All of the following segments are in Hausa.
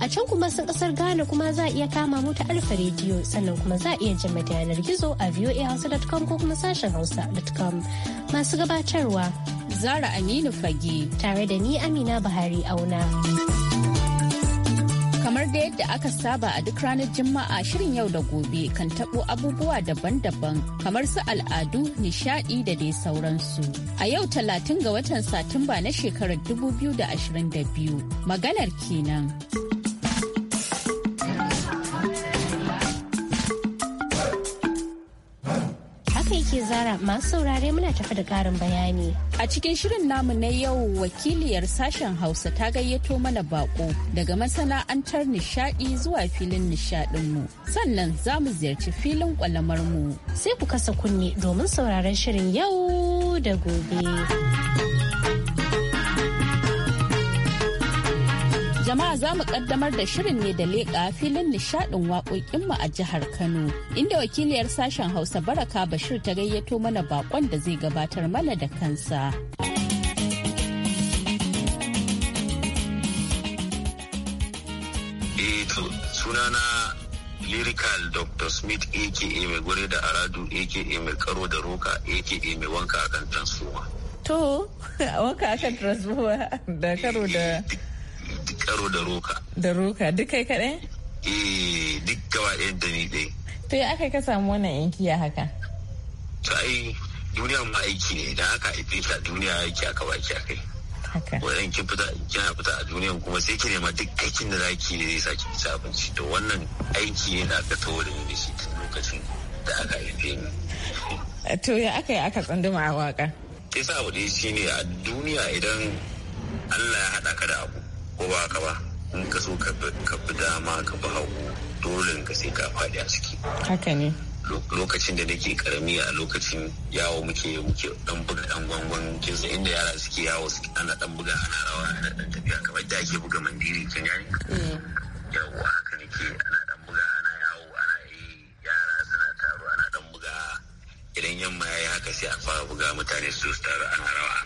a can kuma sun kasar Ghana kuma za a iya kama mota alfa rediyo sannan kuma za a iya jin mata yanar gizo a voahausa.com ko kuma sashen hausa.com masu gabatarwa Zara Aminu Fage tare da ni Amina Buhari auna. Kamar da yadda aka saba a duk ranar Juma'a shirin yau da gobe kan tabo abubuwa daban-daban kamar su al'adu, nishadi da dai sauransu. A yau talatin ga watan Satumba na shekarar 2022 maganar kenan. shekara masu saurare muna tafi da karin bayani. A cikin shirin namu na yau wakiliyar sashen Hausa ta gayyato mana bako daga masana'antar nishadi zuwa filin nishadinmu. Sannan za mu ziyarci filin mu. Sai ku kasa kunne domin sauraron shirin yau da gobe. Jama'a za mu kaddamar da shirin ne da leƙa filin nishadin waƙoƙin mu a jihar Kano, inda wakiliyar sashen Hausa Baraka Bashir ta gayyato mana bakon da zai gabatar mana da kansa. Eh, sunana lyrical dr smith aka mai gure da aradu aka mai karo da roka aka mai wanka akan transformer to wanka akan transformer da karo da eh, karo da roka da roka duk kai kaɗai? eh duk gaba ɗaya da ni ɗaya to ya aka ka samu wannan ya haka to ai duniya ma aiki ne da aka haife ta duniya aiki aka baki a kai wadan kin fita kina fita a duniyan kuma sai ki nema duk aikin da ki ne zai ki fita abinci to wannan aiki ne da aka taho da ni shi tun lokacin da aka haife ni to ya aka yi aka tsanduma a waka sai sa abu shi ne a duniya idan Allah ya haɗa ka da abu ko ba ka ba in ka so ka bi dama ka bi hagu dole ka sai ka faɗi a ciki haka ne lokacin da nake karami a lokacin yawo muke muke dan buga dan gwangwan kinsa inda yara suke yawo ana dan buga ana rawa ana dan tafiya kamar da ake buga mandiri kin gani eh. Yawo haka nake ana dan buga ana yawo ana yi yara suna taro ana dan buga idan yamma yayi haka sai a fara buga mutane su taro ana rawa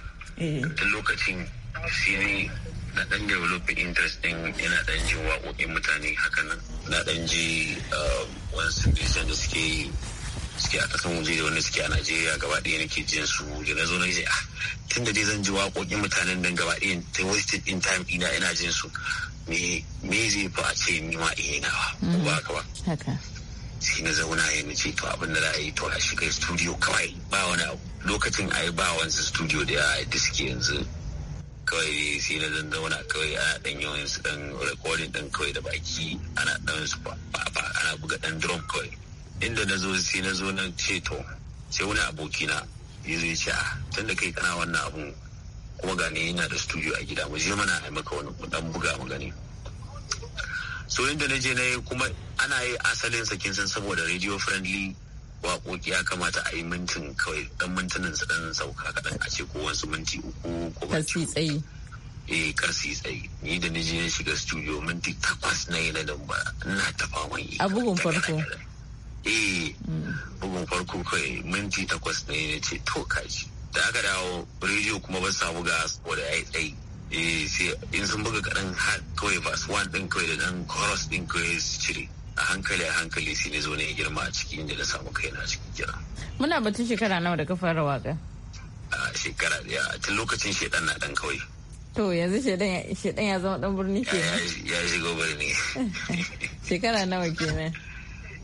eh. Duk lokacin shi ne na dan develop interest din ina dan ji waƙoƙin mutane haka nan na dan ji uh, wasu musician da suke suke a kasan waje da wanda suke a Najeriya gaba ɗaya nake jin su da na zo na ce ah tun da dai zan ji waƙoƙin mutanen nan gaba ɗaya ta wasted in time ina ina jin su me me zai fa a ce ni ma iya eh, nawa ko ba mm-hmm. haka ba sai na zauna ya nace to abin da za a yi to a shiga studio kawai ba wani lokacin a yi ba wani studio da ya suke yanzu kawai sai na zan wani kawai ana dan wani su dan recording dan kawai da baki ana dan su ana buga dan drum kawai inda na zo sai na zo na ce to sai wani abokina ya zo ya ce a ah, tun da kai kana wannan abun kuma gane yana da studio a gida mu je mana a maka wani dan buga mu gani so inda na je na yi kuma ana yi asalin sakin san saboda radio friendly waƙoƙi ya kamata a yi mintin kawai dan mintunan su dan sauka kaɗan a ce ko wasu minti uku ko ba tsayi eh karsi tsayi ni da niji ya shiga studio minti takwas na yi na dan ba ina ta faman yi a bugun farko eh hmm. bugun farko kai minti takwas na ya ce to kaji da aka dawo rediyo kuma ba samu ga saboda ya yi tsayi eh sai in sun buga kaɗan kawai fast one ɗin kawai da ɗan chorus ɗin kawai su cire a hankali a hankali sai na zo ne girma a cikin inda na samu kaina a cikin kira. Muna batun shekara nawa da ka fara waka? A shekara ɗaya tun lokacin shedan na ɗan kawai. To yanzu shedan ya zama ɗan birni ke Ya shigo birni. Shekara nawa kenan? nan?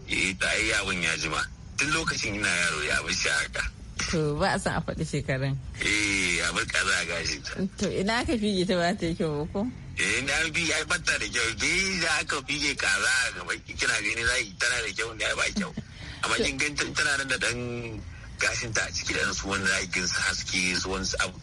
Eh, ta yi abin ya jima. Tun lokacin ina yaro ya abin shi haka. to ba a san a faɗi shekarun. Eh abin kaza a gashi. To ina aka fige ta ba ta yi kyau ko? Eh na bi ai batta da kyau ke da aka fige kaza a baki kina gani za yi tana da kyau ne ba kyau. Amma kin gancin tana nan da ɗan gashin ta a ciki da su wani aikin su haske su wani abu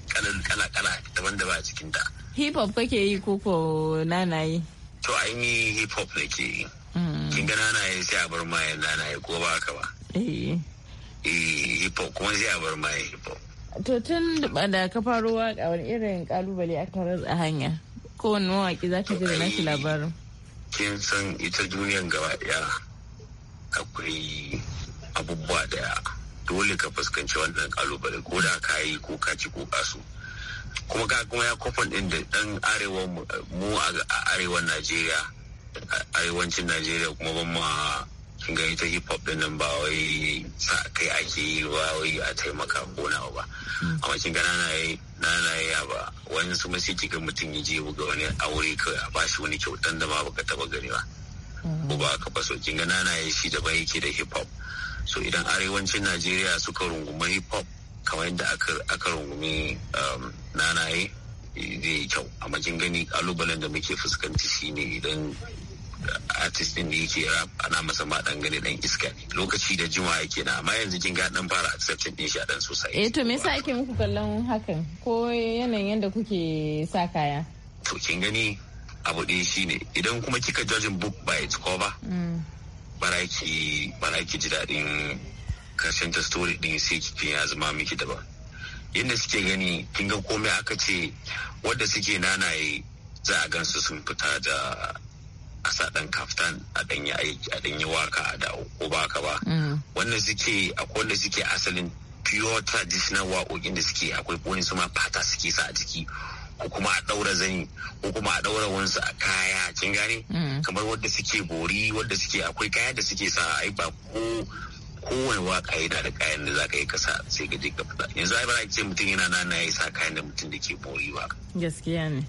kala kala daban da ba a cikin ta. Hip hop kake yi ko ko na yi? To an yi hip hop nake yi. Mm. Kin ga yi sai a bar ma yana yi ko ba ka ba. Eh. Eh, hip hop kuma sai a bar ma hip hop to tun da ka faro waka wani irin kalubale aka a hanya wani mawaki za ka ji da nashi labarin kin san ita duniyan gaba ɗaya akwai abubuwa daya dole ka fuskanci wannan kalubale ko da ka yi ko ka ci ko kasu kuma ka kuma ya kofan ɗin da ɗan arewa mu a arewan Najeriya arewacin Najeriya kuma ban ma kin ga ita hip hop din nan ba wai sa kai ake yi ba wai a taimaka ko na ba hmm. amma kin ga na yi na ya ba wani su ma sai mutum ya je buga wani aure kai a bashi wani kyautan da ma baka taba gani ba hmm. ko ba ka faso kin gana na yi shi daban yake da hip hop so idan arewacin Najeriya suka rungumi hip hop kamar yadda aka rungumi um, nanaye zai yi kyau amma kin gani kalubalen da muke fuskanci shine idan artist din da yake rap ana masa ma dan gane dan iska lokaci da juma yake na amma yanzu kin ga dan fara accepting din shi a dan sosai eh to me yasa ake muku kallon hakan ko yanayin yanda kuke sa kaya to kin gani abu ɗaya shine idan kuma kika judge book by its cover mm. bara ki bara ki ji daɗin karshen ta story din sai ki ya zama miki daban yadda suke gani kin ga komai aka ce wadda suke nanaye za a gansu sun fita da a sa dan kaftan a dan yi aiki a dan yi waka a dawo ko ba ka ba mm. wanda suke akwai wanda suke asalin pure traditional waƙoƙin da suke akwai wani su ma fata suke sa a jiki ko kuma a ɗaura zani ko kuma a ɗaura wansu a kaya kin gane mm. kamar wanda suke bori wanda suke akwai kaya da suke sa ai ba ko kowane waka yana da kayan da zaka yi kasa sai ka je ka fita yanzu ai ba za ce mutum yana nan na ya sa kayan da mutum da ke bori ba gaskiya ne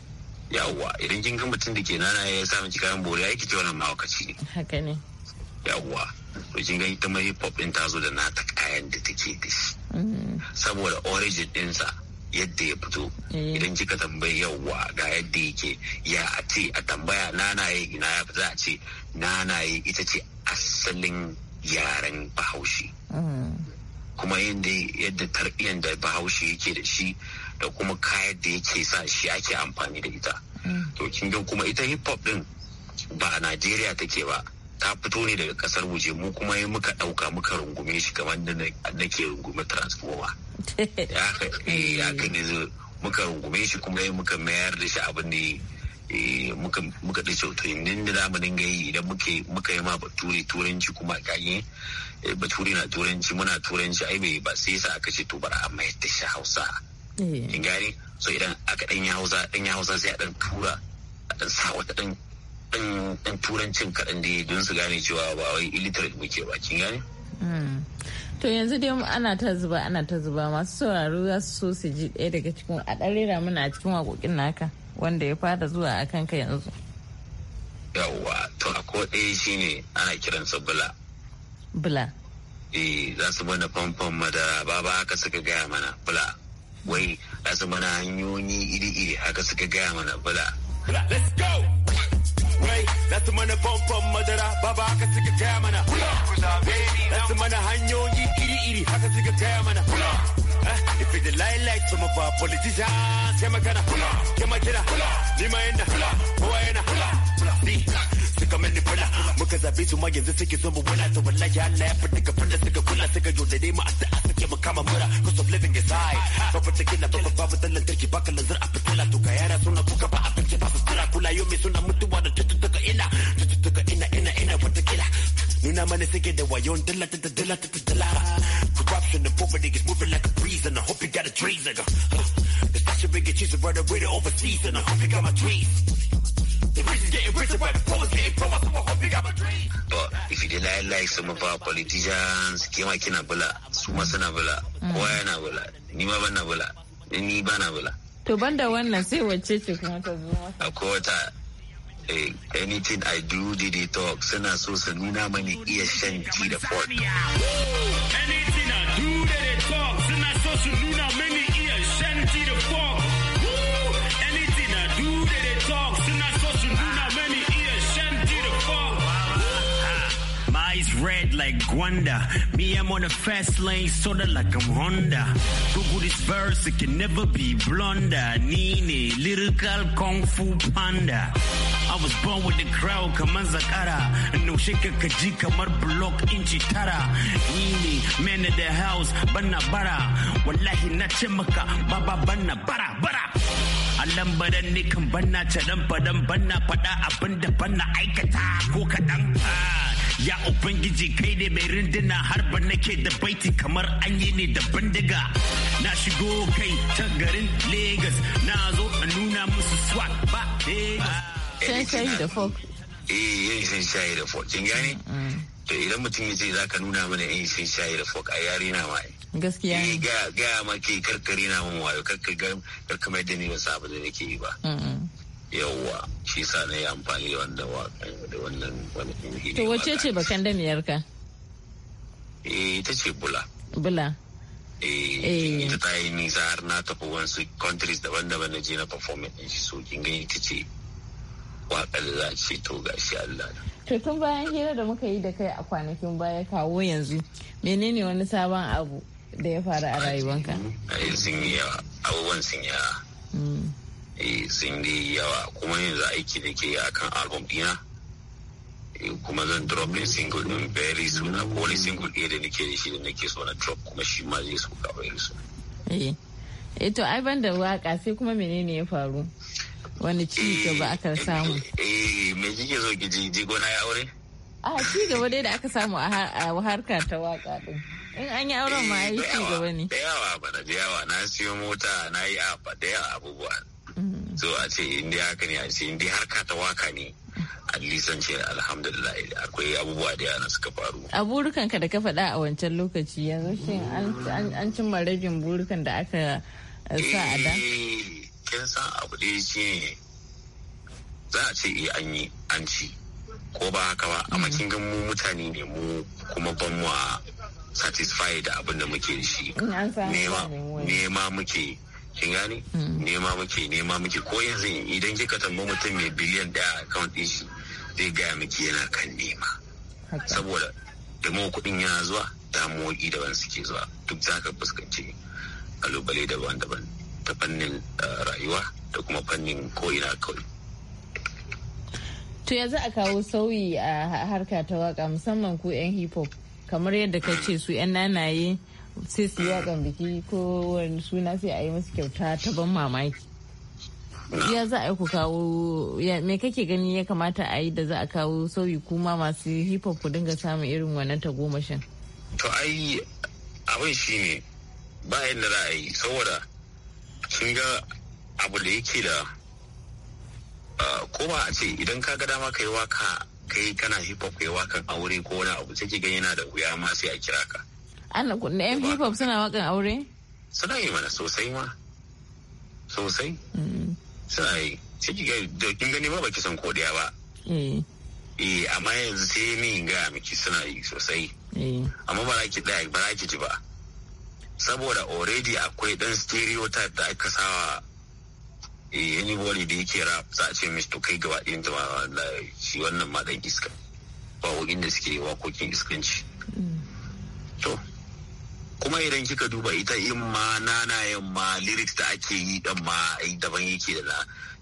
yawwa idan kin ga mutum da ke nana ya sa miki kayan bore ya yi ce wannan mawakaci ne haka ne yawwa to kin ga ita hip hop din ta zo da nata kayan da take da shi mm. saboda origin dinsa yadda ya fito eh. idan kika tambayi yawwa ga yadda yake ya a ce a tambaya nanaye ina ya fita a ce nanaye ita ce asalin yaren bahaushe mm. kuma yadda yadda tarbiyyar da bahaushe yake da shi da kuma kayan da yake sa shi ake amfani da ita hmm. to kin ga kuma ita hip hop din ba a Najeriya take ba ta fito ne daga kasar waje mu kuma yi muka dauka muka rungume shi kamar da nake rungume transformer ya kai eh, hmm. ne muka rungume shi kuma yi muka mayar da shi abin da eh, muka da nan da zamu dinga yi idan muka yi ma bature turanci kuma kage eh, bature na turanci muna turanci ai bai ba sai sa aka ce to bara amma yadda shi hausa Eh. kin gane so idan aka dan yi hausa dan yi hausa sai a dan tura a dan sa wata dan dan turancin kaɗan da don su gane cewa ba wai illiterate muke ba kin gane hmm. to yanzu dai ana ta zuba ana ta zuba masu sauraro za su so su ji ɗaya daga cikin a ɗan rera mana a cikin waƙoƙin naka wanda ya fara zuwa a kanka yanzu yawwa to a ko ɗaya shine ana kiransa bula bula eh za su bane famfon madara ba ba haka suka gaya mana bula wai a zama na hanyoyi iri-iri haka suka gaya mana bala. Let's go! rai za su mana famfon madara baba haka suka taya mana za su mana hanyoyi iri-iri haka suka taya mana eh, If it's a lie like some of our politicians, say magana, say majina, ni maenda, kowa yana, suka mini fula muka zabe su ma yanzu suke son mu wala to wallahi Allah ya fadi ka fada suka kula suka jodare mu a sa'a suke mu kama mura cost of living is high so particular ba babu dan lantarki baka lazar a fitila manese que de guayón, de la, the la, the the de la. Corruption and poverty is moving like a breeze, and I hope you got a trees, nigga. The fashion ring and cheese are right away to overseas, and I hope you got my trees. The rich is getting richer, but the poor is getting poorer, so I hope you got my dreams. But if you deny like some of our politicians, Kima Kinabula, Sumasanabula, mm. Koyanabula, Nimabanabula, Nibanabula. To banda wannan sai wacce ce kuma ta zo masa. Akwai wata anything I do the detox suna so su nuna mani iya shan tea da pork. Anything I do the detox suna so su nuna mani iya shan tea da pork. Anything I do the detox suna so su nuna mani iya shan My eyes red like Gwanda. Me, I'm on the fast lane, sorta like I'm Honda. Google this verse, it can never be blunder. little lyrical kung fu panda. I was born with the crown kamar zakara naushe ka ji kamar block inci tara ni ne man of the house bana bara wallahi na ce maka baba bana bara bara allan baran ne kan banna cadan fadan banna fada abin da banna aikata ko kaɗan ya ubangiji kai ne mai rinduna harba nake da baiti kamar an yi ne da bandiga na shigo kai ta garin lagos na zo a nuna musu swag ba shayi da folk eh yin shan shayi da folk kin gane to idan mutum ya ce zaka nuna mana yin shan shayi da folk a yare na ma gaskiya ne eh, ga ga ma ke karkare na mun wayo karkar karkar da ni ba sabu da nake yi ba yawwa shi sa na yi amfani da wannan wakan da wannan wani to wace ce bakan damiyar ka eh ita ce bula bula eh, eh ita ta yi nisa har na tafi wasu countries daban-daban na je na performance ɗin shi so kin gani ita ce waƙar za ce to gashi Allah To tun bayan hira da muka yi da kai a kwanakin baya kawo yanzu menene wani sabon abu da ya faru a rayuwanka? Sun yi yawa, abubuwan sun yi yawa. Hmm. Eh, sun yi yawa kuma yanzu aiki da ke akan album dina. Eh, kuma zan drop ne single din very soon a kowane single ɗaya da nake da shi da nake so na drop kuma shi ma zai so ka very soon. Eh. eh to ai ban da waka sai kuma menene ya faru? wani ci gaba eh, aka eh, samu eh me kike so ki ji gona ya aure a ci gaba dai da aka samu a harka ta waka din in an yi auren ma eh, yi ci gaba ne da yawa ba da yawa na siyo mota na yi a da yawa abubuwa mm-hmm. so a ce indi haka ne a ce indi harka ta waka ne a ce alhamdulillah akwai abubuwa da yana suka faru a burukanka da ka faɗa a wancan lokaci yanzu shin an cimma rabin burukan da aka sa a da kin san abu da ce za a ce eh an yi an ci ko ba haka ba amma kin ga mu mutane ne mu kuma ban mu satisfied da abin da muke shi nema nema muke kin gani mm. nema muke nema muke ko yanzu idan kika tambo mutum mai biliyan daya account din shi zai gaya miki yana kan nema saboda da kuɗin ya zuwa damuwoyi daban suke zuwa duk zaka fuskanci kalubale daban-daban ta fannin eh, rayuwa da kuma fannin ko'ina kawai. To ya za a kawo sauyi a harka ta waka musamman ku 'yan hip hop kamar yadda ka ce su 'yan nanaye sai su yi wakan biki ko wani suna sai a yi musu kyauta ta ban mamaki. Ya za a ku kawo me kake gani ya kamata a yi da za a kawo sauyi kuma masu hip hop ku dinga samun irin wannan tagomashin. To ai abin shi ne ba yadda za yi saboda sun ga abu da yake da ah, ko ba a ce idan ka ga dama kai waka kai kana hip hop kai wakan aure ko wani abu sai ga yana da wuya ma sai a kira ka ana kunna yan hip hop suna wakan aure suna yi mana sosai ma sosai mm. suna yi sai ki ga kin gani ma baki san kodiya ba eh. eh amma yanzu sai min ga miki suna yi sosai eh. amma ba za ki ɗaya ba za ki ji ba saboda already akwai dan stereotype da aka sawa eh, anybody da yake rap za a ce mr kai gaba ɗayan da shi wannan ma dan iska ba wakin da suke wakokin iskanci mm. to kuma idan kika duba ita in ma nanayen ma lyrics da ake yi dan ma daban yake da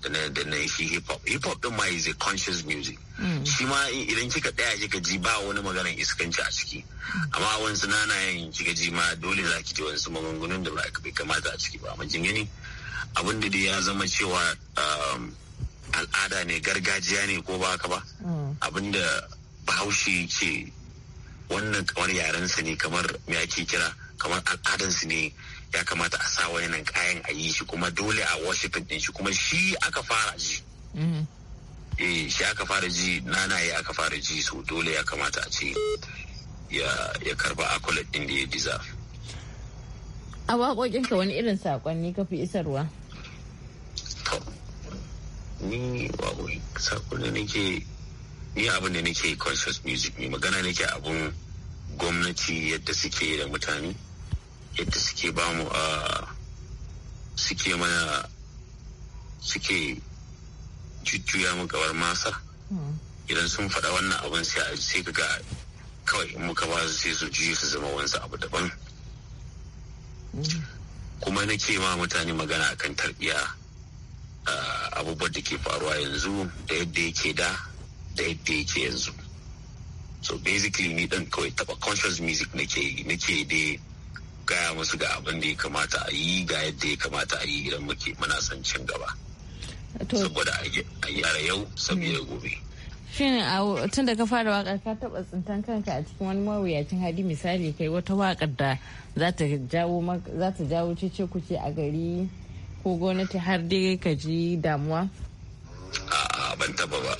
na da na shi hip hop hip hop din ma is a conscious music mm. shi ma idan kika daya kika ji ba wani maganar iskanci a ciki mm. amma wansu nanayen kika ji ma dole za ki ji wansu magungunan da ba kamata a ciki ba amma kin gani abin da ya zama cewa um, al'ada ne gargajiya ne ko ba ka ba mm. abin da bahaushe ce wannan kamar yarensa ne kamar me ake kira kamar su ne ya kamata a sa wani nan kayan a yi shi kuma dole a worship din shi kuma shi aka fara ji mm-hmm. eh shi aka fara ji nana ya aka fara ji so dole ya kamata a ce ya karba accolade din da ya deserve a ka wani irin saƙonni ka fi isarwa ni waƙoƙi saƙonni nake ni abin da nake conscious music ne magana nake abun gwamnati yadda suke da mutane yadda suke ba mu a suke mana suke jujjuya mu gabar masa idan sun faɗa wannan abin sai ka ga kawai in muka ba su sai su ji su zama wansu abu daban kuma nake ma mutane magana akan tarbiya abubuwan da ke faruwa yanzu da yadda yake da da yadda yake yanzu so basically ni dan kawai taba conscious music nake nake dai gaya musu ga abin da ya kamata a yi ga yadda ya kamata a yi idan muke muna son cin gaba saboda a yara yau saboda hmm. gobe shin tun da ka fara wakar ka taba tsintan kanka a cikin wani mawuyacin hali misali kai wata wakar da za ta jawo za ta jawo cece kuce a gari ko gwamnati har dai ka ji damuwa a'a ban taba ba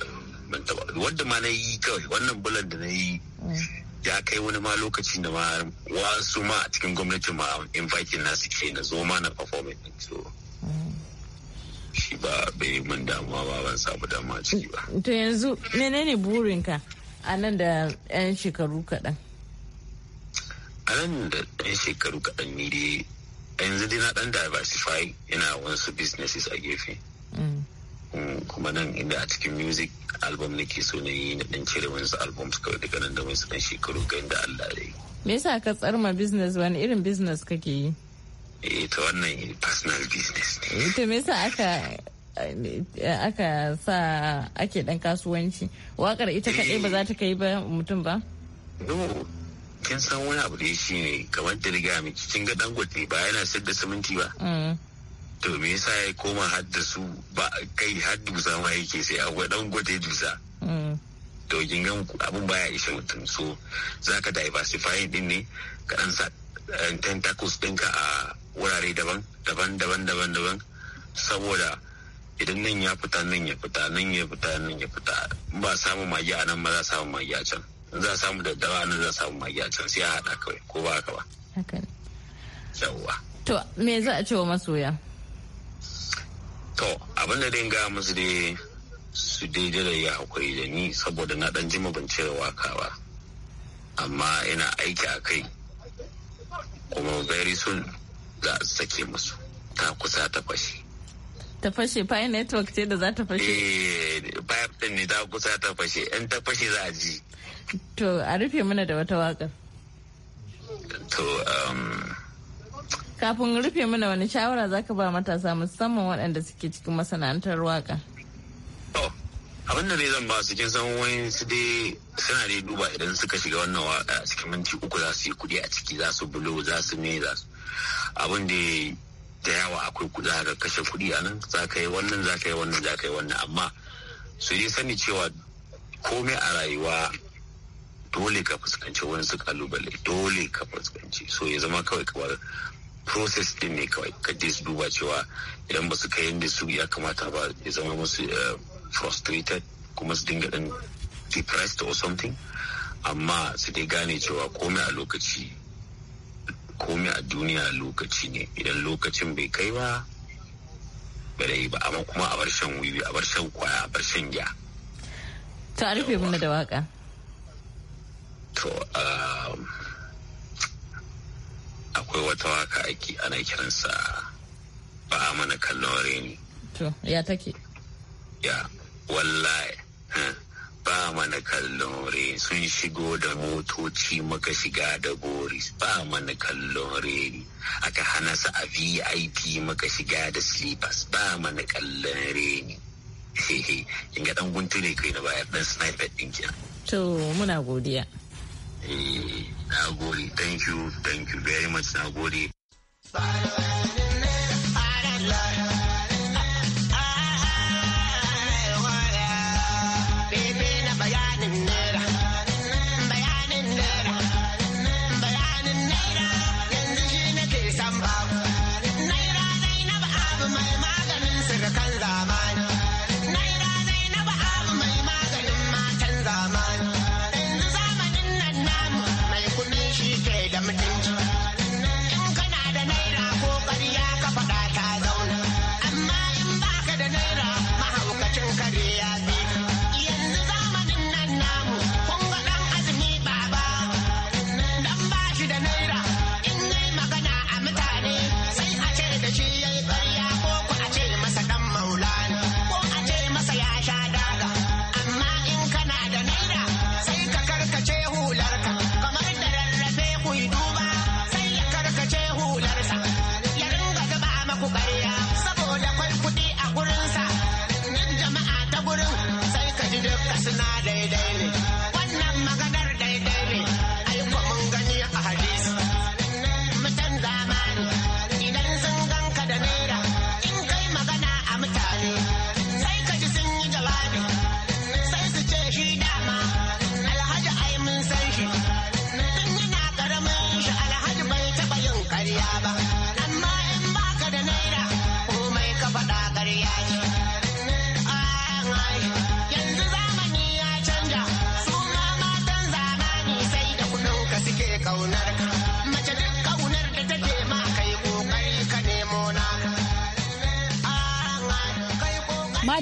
ban taba wanda ma na yi kawai wannan bulan da na yi ya kai wani ma lokacin da ma wasu ma a cikin gwamnati ma invite na ke na zo ma na performing din so shi ba bai mun damuwa ba ban samu damuwa ciki ba to yanzu menene ka a nan da yan shekaru kaɗan a nan da yan shekaru kaɗan ni dai yanzu dai na dan diversify ina wasu businesses a gefe Mm, kuma nan inda a cikin music album nake so na yi na ɗan cire wasu albums kawai daga nan da wani dan shekaru ga inda Allah ya yi. Me yasa ka tsarma business wani irin business kake yi? Eh ta wannan personal business ne. Ita eh, me yasa aka aka sa ake dan kasuwanci wakar ita kaɗai ba za ta kai ba mutum ba? No, kin san wani abu da shi ne kamar da riga mai cikin ga dangote ba yana sayar da siminti ba. Mm. to me yasa ya koma haddasu ba kai har dusa ma yake sai a dan gwate dusa mm. to kin ga abun baya isa mutum so zaka diversify din ne ka dan sa eh, tentacles dinka a wurare daban daban daban daban daban saboda idan nan ya fita nan ya fita nan ya fita nan ya fita ba samu magi a nan ba za samu magi a can za a samu daddawa a nan za samu magi a can sai a haɗa kawai ko ba haka ba. Yawwa. To me za a ce wa masoya? to abin da dinga musu dai su daidai da ya hakuri da ni saboda na dan jima ban cire waka ba amma ina aiki a kai kuma very soon za a sake musu ta kusa ta fashe ta fashe fire network ce da za ta fashe eh fire din ne ta kusa ta fashe in ta fashe za a ji to a rufe mana da wata wakar to um kafin rufe mana wani shawara zaka ba matasa musamman waɗanda suke cikin masana'antar waka abin da ne zan ba su cikin san wani su dai suna dai duba idan suka shiga wannan waka a cikin minti uku za su yi kuɗi a ciki za su bulo za su me za su abin da da yawa akwai kuɗi ka kashe kuɗi a nan za ka yi wannan za ka yi wannan za ka yi wannan amma su dai sani cewa komai a rayuwa dole ka fuskanci wani su kalubale dole ka fuskanci so ya zama kawai kamar process din ne kawai ka dis su duba cewa idan ba su kai yadda su ya kamata ba ya zama musu eh, frustrated kuma su dinga dan depressed or something amma su dai gane cewa komai a lokaci komai a duniya lokaci ne idan lokacin bai kai ba ba da yi ba amma kuma a barshen shan wiwi a barshen kwaya a barshen shan ta rufe mana da waka to um, wata waka ake ana kiransa ba a mana kallon reni. To, ya take? Ya, wallahi, hmm, ba mana kallon reni sun shigo da motoci muka shiga da boris ba mana kallon reni aka hana su a vip muka shiga da slippers ba mana kallon reni. Hehe, ga dan ne kai na bayar dan sniper din To, muna godiya. na thank you thank you very much na gode Sai ka ji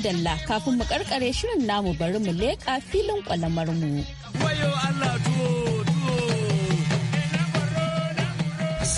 madalla kafin mu karkare shirin namu bari mu leƙa filin kwalamar mu.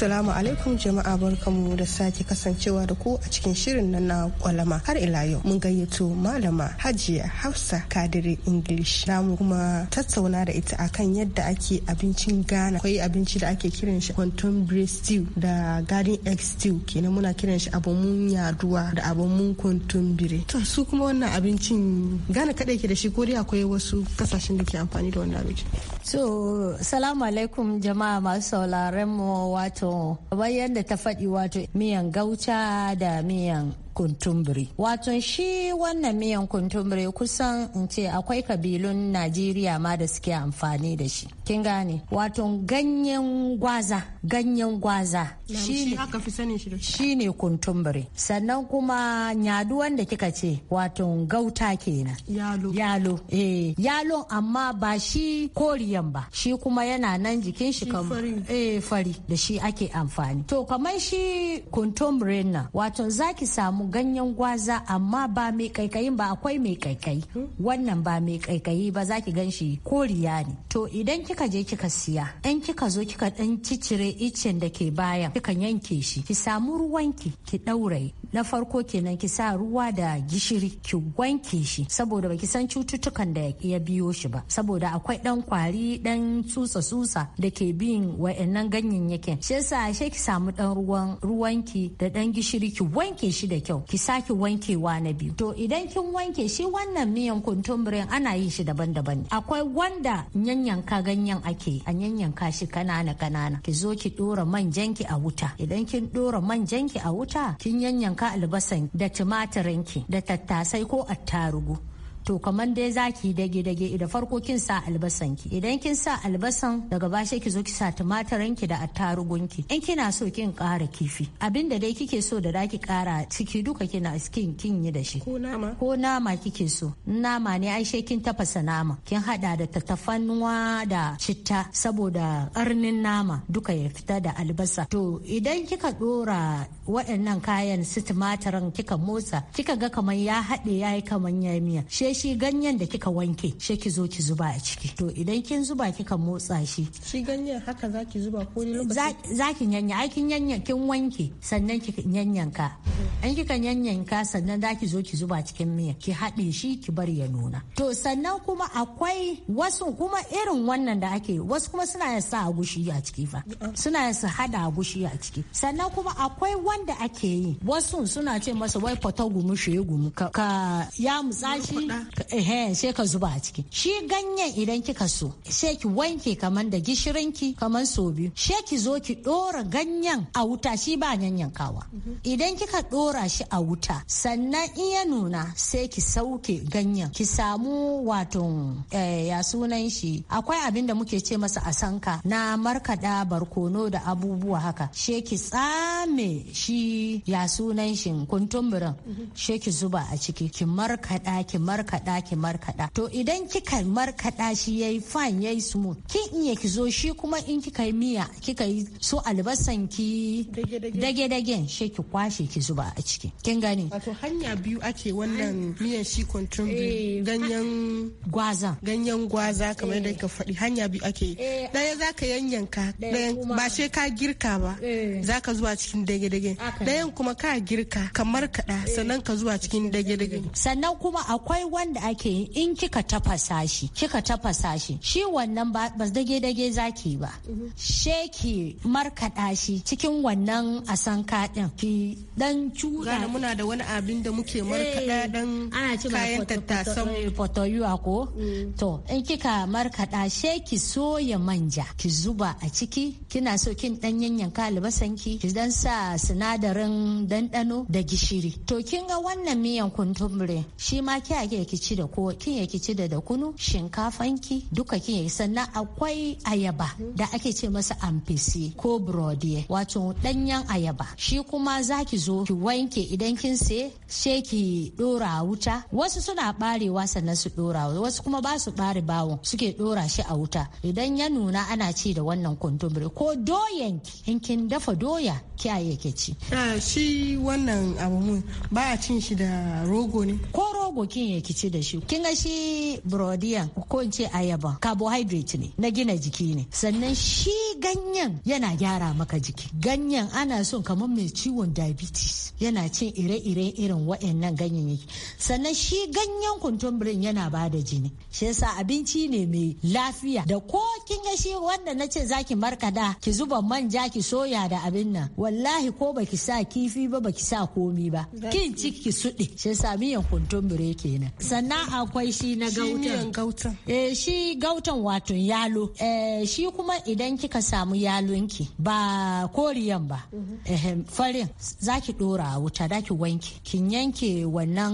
Assalamu alaikum jama'a barkamu da sake kasancewa da ku a cikin shirin nan na kwalama har ila yau mun gayyato malama Hajiya Hafsa Kadiri English mu kuma tattauna da ita akan yadda ake abincin Ghana akwai abinci da ake kiran shi contemporary stew da garden egg stew kenan muna kiran shi abomun yaduwa da abamun contemporary to su kuma wannan abincin Ghana kadai ke da shi ko dai akwai wasu kasashen da ke amfani da wannan abinci so salamu alaikum jama'a masu sauraren mu wato bayan da ta faɗi wato miyan gauta da miyan kuntumbiri wato shi wannan miyan kuntumbiri kusan in ce akwai kabilun najeriya ma da suke amfani da shi kin gane wato ganyen gwaza ganyen gwaza shi ne kuntumbiri sannan kuma nyadu wanda kika ce wato gauta kenan yalo yalo eh yalo amma ba shi koriyan ba shi kuma yana nan jikin shi kamar eh fari da shi ake amfani to kamar shi kuntumbirin nan wato zaki samu samu ganyen gwaza amma ba mai kaikayi ba akwai mai kaikayi wannan ba mai kaikayi ba za ki gan shi koriya ne to idan kika je kika siya in kika zo kika dan cicire icen da ke bayan kika yanke shi ki samu ruwan ki ɗauraye na farko kenan ki sa ruwa da gishiri ki wanke shi saboda baki san cututtukan da ya biyo shi ba saboda akwai dan kwari dan tsutsa tsutsa da ke bin wa'annan ganyayyakin shi yasa ki samu dan ruwan ruwanki da dan gishiri ki wanke shi da kyau kyau ki sake wankewa na biyu to idan kin wanke shi wannan miyan kuntumbirin ana yin shi daban-daban akwai wanda yanyanka ganyen ake a yanyanka shi kanana-kanana ki zo ki dora ki a wuta idan kin dora ki a wuta kin yanyanka albasan da tumatirin ki da tattasai ko attarugu to kamar dai zaki dage dage da farko kin sa albasan ki idan kin sa albasan daga bashe ki zo ki sa tumatirin ki da attarugun ki in kina so kin kara kifi abin da dai kike so da zaki kara ciki duka kina skin kin yi da shi ko nama ko nama kike so nama ne ai she kin tafasa nama kin hada da tatafanuwa da citta saboda karnin nama duka ya fita da albasa to idan kika dora waɗannan kayan su tumatirin kika motsa kika ga kamar ya haɗe yayi kamar ya miya she shi ganyen da kika wanke shi ki zo ki zuba a ciki to idan kin zuba kika motsa shi shi ganyen haka za ki zuba ko lokaci za ki nyanya ai kin nyanya kin wanke sannan ki ka an kika ka sannan za ki zo ki zuba cikin miya ki haɗe shi ki bar ya nuna to sannan kuma akwai wasu kuma irin wannan da ake wasu kuma suna yin sa agushi a ciki fa suna yin su hada agushi a ciki sannan kuma akwai wanda ake yi wasu suna ce masa wai fata gumu shi gumu ka ya mutsa shi ehe sai ka zuba a ciki shi ganyen idan kika so sai ki wanke kaman da gishirinki kaman so biyu sai ki zo ki dora ganyen a wuta shi ba yanyankawa idan kika dora shi a wuta sannan in ya nuna sai ki sauke ganyen ki samu wato eh, ya sunan shi akwai abin da muke ce masa a sanka na markada barkono da abubuwa haka sai ki tsame shi ya sunan shi kuntumburin sai ki zuba a ciki ki markada ki markada markaɗa ki markaɗa to idan kika markaɗa shi yayi fine yayi smooth kin iya ki zo shi kuma in kika yi miya kika yi so albasan ki dage dagen shi ki kwashe ki zuba a ciki kin gane wato hanya biyu ake wannan miyan shi kuntum eh, ganyen gwaza ganyen gwaza kamar da eh. ka faɗi hanya biyu ake daya eh. zaka yanyanka dayan ba sai ka girka ba zaka zuwa cikin dage dage dayan kuma ka girka kamar kaɗa sannan ka zuwa cikin dage dage sannan kuma akwai ruwan da ake yi in kika tafasa shi kika tafasa shi shi wannan ba dage dage zaki ba sheki markaɗa shi cikin wannan asanka din ki dan cuda muna da wani abin da muke markaɗa eh, dan kayan tattasan fotoyuwa eh, ko mm. to in kika markaɗa sheki soya manja ki zuba a ciki kina so kin dan yanyanka albasan ki ki dan sa sinadarin dandano da gishiri to kin ga wannan miyan kuntumbre shi ma kiya ke ki da ko kin ki ci da da shinkafanki duka kin ki sannan akwai ayaba da ake ce masa amfisi ko brodie wato danyen ayaba shi kuma zaki zo ki wanke idan kin se sai ki dora wuta wasu suna barewa sannan su dora wasu kuma ba su bare bawon suke dora shi a wuta idan ya nuna ana ci da wannan kuntumbiri ko doyan in kin dafa doya kiyaye ke ci ah, shi wannan abu mun ba cin shi da rogo ne ko rogo kin yake ci da shi kin ga shi brodiyan ko in ce ayaba carbohydrate ne na gina jiki ne sannan shi ganyen yana gyara maka jiki ganyen ana son kamar mai ciwon diabetes yana cin ire-ire irin waɗannan ganyayyaki sannan shi ganyen kuntumbirin yana ba da jini shi yasa abinci ne mai lafiya da ko kin ga shi wanda na ce zaki markada ki zuba manja ki soya da abin nan wallahi ko baki sa kifi ba baki sa komi ba kin ci ki suɗe shi yasa miyan kuntumbire kenan sannan akwai shi na gautan eh, shi gautan wato yalo eh, shi kuma idan kika samu yalonki ba koriyan ba mhm. farin zaki dora a wuta daki wanke kin yanke wannan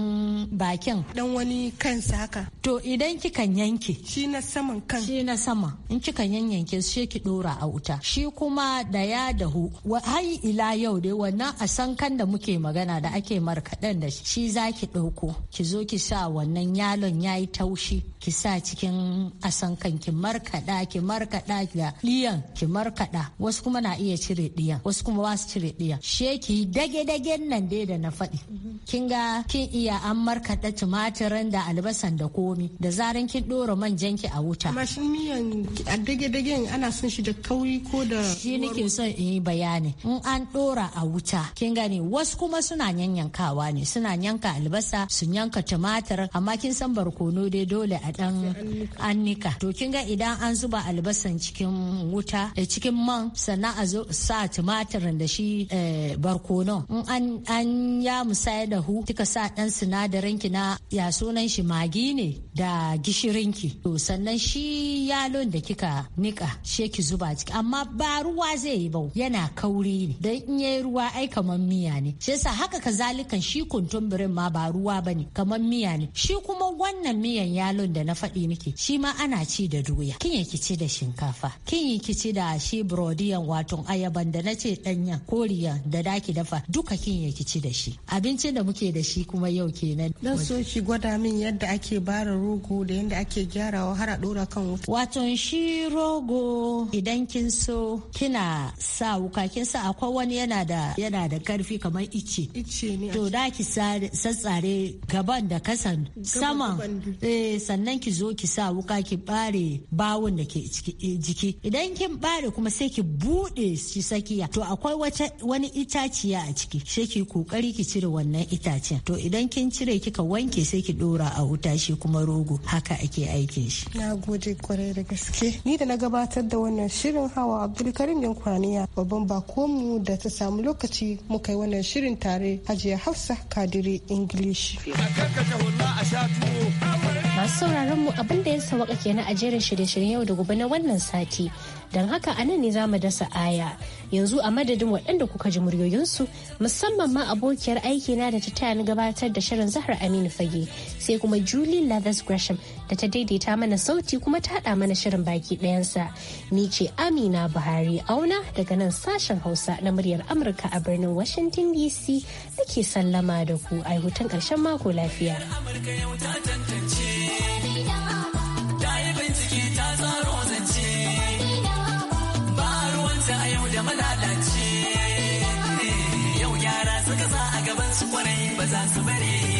bakin dan wani kansa haka to idan kika yanke shi na saman kan shi na sama in kika yanyanke shi ki dora a wuta shi kuma da ya dahu har ila yau dai wannan kan da muke magana da ake markaɗen da shi zaki ɗauko ki zo ki sa wa wannan yalon ya yi taushi ki sa cikin asankan ki markaɗa ki markaɗa da liyan ki markaɗa wasu kuma na iya cire ɗiyan wasu kuma wasu cire ɗiyan sheki dage dagen nan dai da na faɗi kin ga kin iya an markaɗa tumatirin da albasan da komi da zaran kin ɗora manjan ki a wuta. Amma shi miyan a dage dagen ana son shi da kauri ko da. Shi nake son in yi bayani in an ɗora a wuta kin gani wasu kuma suna yanyankawa ne suna yanka albasa su yanka tumatir amma kin san barkono dai dole a dan annika to kin ga idan an zuba albasan cikin wuta da eh, cikin man sannan a sa tumatirin da shi eh, barkonon in an ya musaya da hu kika sa dan sinadarin ki na ya sunan shi magi ne da gishirin ki to sannan shi yalon da kika nika she ki zuba ciki amma ba ruwa zai yi ba yana kauri ne dan in yayi ruwa ai kaman miya ne shi yasa haka kazalikan shi kuntumbirin ma ba ruwa bane kamar miya ne shi kuma wannan miyan yalon da na faɗi miki shi ma ana ci da doya kin yi kici da shinkafa kin yi kici da shi brodiyan wato ayaban da na ce danyen koriya da daki dafa duka kin yi kici da shi abincin da muke da shi kuma yau kenan dan so shi gwada min yadda ake bara rogo da yadda ake gyarawa har a dora kan wuta wato shi rogo idan kin so kina sa wuka kin sa akwai wani yana da yana da karfi kamar ice ice ne to da ki sassare gaban da kasan sama eh sannan ki zo ki sa wuka ki bare bawon da ke eh, jiki idan kin bare kuma sai ki bude shi sakiya to akwai wata wani itaciya a ciki sai ki kokari ki cire wannan itacen to idan kin cire kika wanke sai ki dora a wuta shi kuma rogo haka ake aikin shi na kwarai da gaske ni da na gabatar da wannan shirin hawa abdulkarim yankwaniya babban mu da ta samu lokaci muka yi wannan shirin tare hajiya hafsa kadiri ingilishi Masu sauraron mu abin ya sawaka kenan a jerin shirye-shiryen yau da gobe na wannan sati. don haka a nan ne za mu dasa aya yanzu a madadin waɗanda kuka ji muryoyinsu musamman ma abokiyar aiki na da ta taya ni gabatar da shirin zahra aminu fage sai kuma julie lathers gresham da ta daidaita mana sauti kuma ta haɗa mana shirin baki ɗayansa ni ce amina buhari auna daga nan sashen hausa na muryar amurka a birnin washington dc ke sallama da ku a hutun ƙarshen mako lafiya. ta yau da malalace yau yara suka sa a gaban su kwarai ba za su bare